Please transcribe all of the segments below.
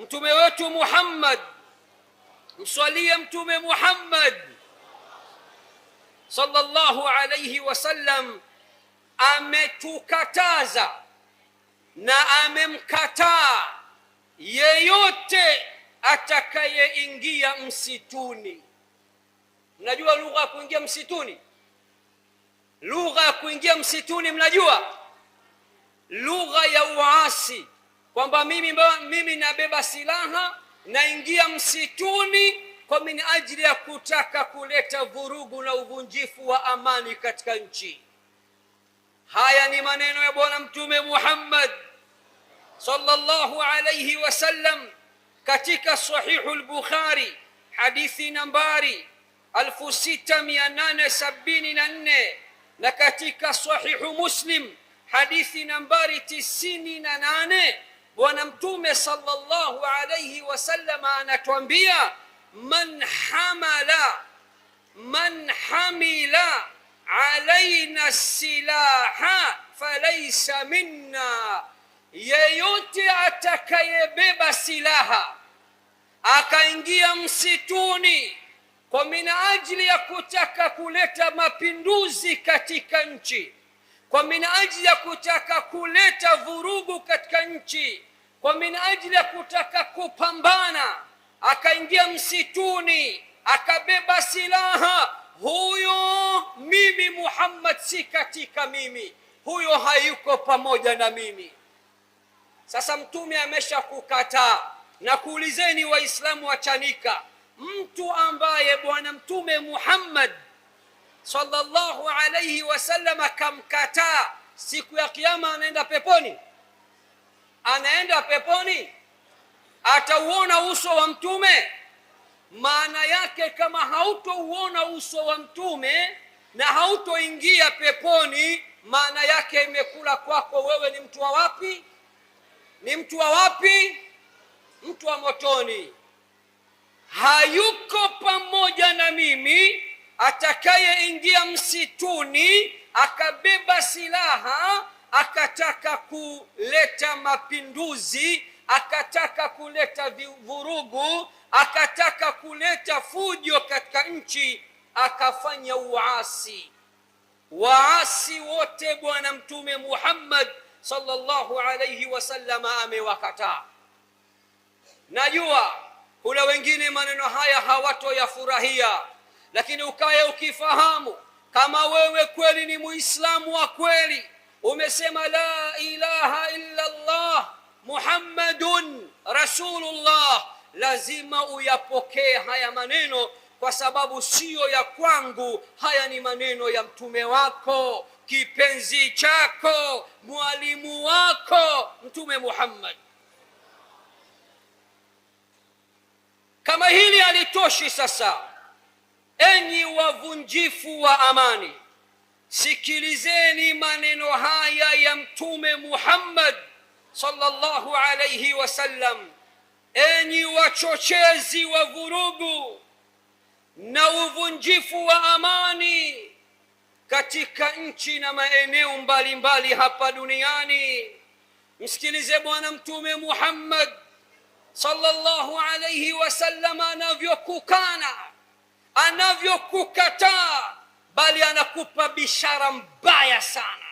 mtume wetu Muhammad, mswalie mtume Muhammad sallallahu alayhi wasallam ametukataza na amemkataa yeyote atakayeingia msituni. Mnajua lugha ya kuingia msituni? Lugha ya kuingia msituni, mnajua lugha ya uasi kwamba mimi, mimi nabeba silaha naingia msituni kwa minajili ya kutaka kuleta vurugu na uvunjifu wa amani katika nchi. Haya ni maneno ya Bwana Mtume Muhammad sallallahu alayhi wasallam katika Sahihu al-Bukhari hadithi nambari 6874 na katika Sahihu Muslim hadithi nambari 98. Bwana Mtume sallallahu alayhi wasallama anatuambia man hamala man hamila alaina silaha falaisa minna, yeyote atakayebeba silaha akaingia msituni kwa minajili ya kutaka kuleta mapinduzi katika nchi, kwa minajili ya kutaka kuleta vurugu katika nchi kwa min ajili ya kutaka kupambana, akaingia msituni akabeba silaha. Huyo mimi Muhammad si katika mimi, huyo hayuko pamoja na mimi. Sasa mtume amesha kukataa na kuulizeni, Waislamu wachanika, mtu ambaye bwana Mtume Muhammad sallallahu alayhi wasallam akamkataa siku ya Kiyama anaenda peponi? anaenda peponi? Atauona uso wa Mtume? Maana yake kama hautouona uso wa Mtume na hautoingia peponi, maana yake imekula kwako wewe. Ni mtu wa wapi? Ni mtu wa wapi? Mtu wa motoni. Hayuko pamoja na mimi atakayeingia msituni akabeba silaha akataka kuleta mapinduzi, akataka kuleta vurugu, akataka kuleta fujo katika nchi, akafanya uasi. Waasi wote Bwana Mtume Muhammad sallallahu alayhi wasallama amewakataa. Najua kuna wengine maneno haya hawatoyafurahia, lakini ukaye ukifahamu kama wewe kweli ni Muislamu wa kweli umesema la ilaha illa Allah Muhammadun Rasulullah, lazima uyapokee haya maneno, kwa sababu siyo ya kwangu. Haya ni maneno ya mtume wako, kipenzi chako, mwalimu wako, Mtume Muhammad. Kama hili halitoshi, sasa enyi wavunjifu wa amani sikilizeni maneno haya ya mtume Muhammad sallallahu alayhi wasallam, enyi wachochezi wa vurugu na uvunjifu wa amani katika nchi na maeneo mbalimbali hapa duniani, msikilize Bwana Mtume Muhammad sallallahu alayhi wasallam anavyokukana, anavyokukataa bali anakupa bishara mbaya sana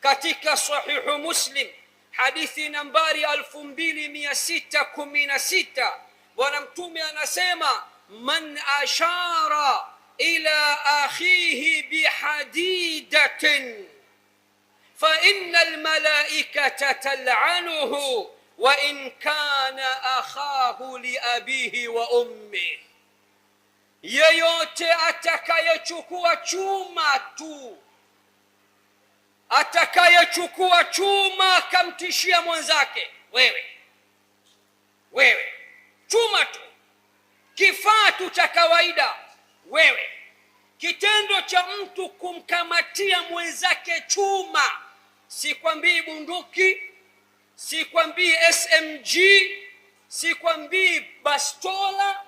katika sahihu muslim hadithi nambari 2616 bwana mtume anasema man ashara ila akhihi bihadidatin فإن الملائكة تلعنه وإن كان أخاه لأبيه وأمه yeyote atakayechukua chuma tu, atakayechukua chuma akamtishia mwenzake, wewe wewe, chuma tu, kifaa tu cha kawaida, wewe. Kitendo cha mtu kumkamatia mwenzake chuma, sikwambii bunduki, sikwambii SMG, sikwambii bastola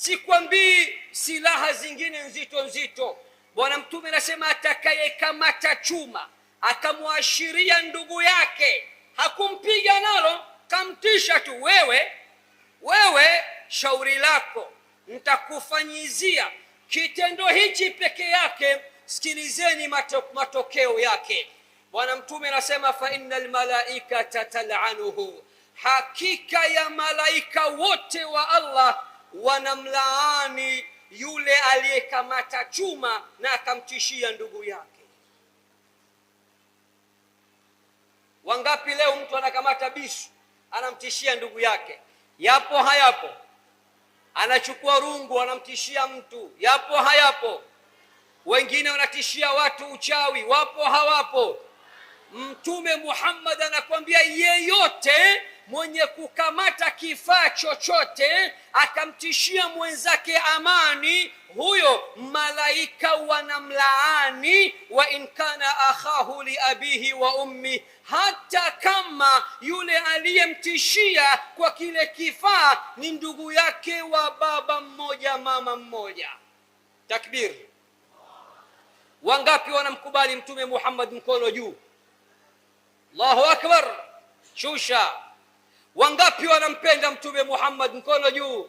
sikwambii silaha zingine nzito nzito. Bwana Mtume anasema atakayekamata chuma akamwashiria ndugu yake, hakumpiga nalo, kamtisha tu, wewe wewe, shauri lako nitakufanyizia. Kitendo hichi peke yake, sikilizeni mato, matokeo yake. Bwana Mtume anasema fa innal talanuhu, hakika ya malaika wote wa Allah wanamlaani yule aliyekamata chuma na akamtishia ndugu yake. Wangapi leo mtu anakamata bisu anamtishia ndugu yake? Yapo hayapo? Anachukua rungu anamtishia mtu, yapo hayapo? Wengine wanatishia watu uchawi, wapo hawapo? Mtume Muhammad anakuambia yeyote mwenye kukamata kifaa chochote akamtishia mwenzake amani, huyo malaika wanamlaani, wa in kana akhahu li abihi wa ummi, hata kama yule aliyemtishia kwa kile kifaa ni ndugu yake wa baba mmoja mama mmoja. Takbir! Wangapi wanamkubali Mtume Muhammad? Mkono juu! Allahu akbar! Shusha! Wangapi wanampenda Mtume Muhammad? Mkono juu.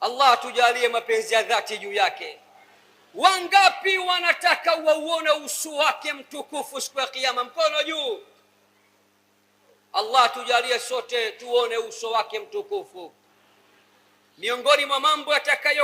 Allah tujalie mapenzi ya dhati juu yake. Wangapi wanataka wauone uso wake mtukufu siku ya Kiyama? Mkono juu. Allah tujalie sote tuone uso wake mtukufu. Miongoni mwa mambo yatakayo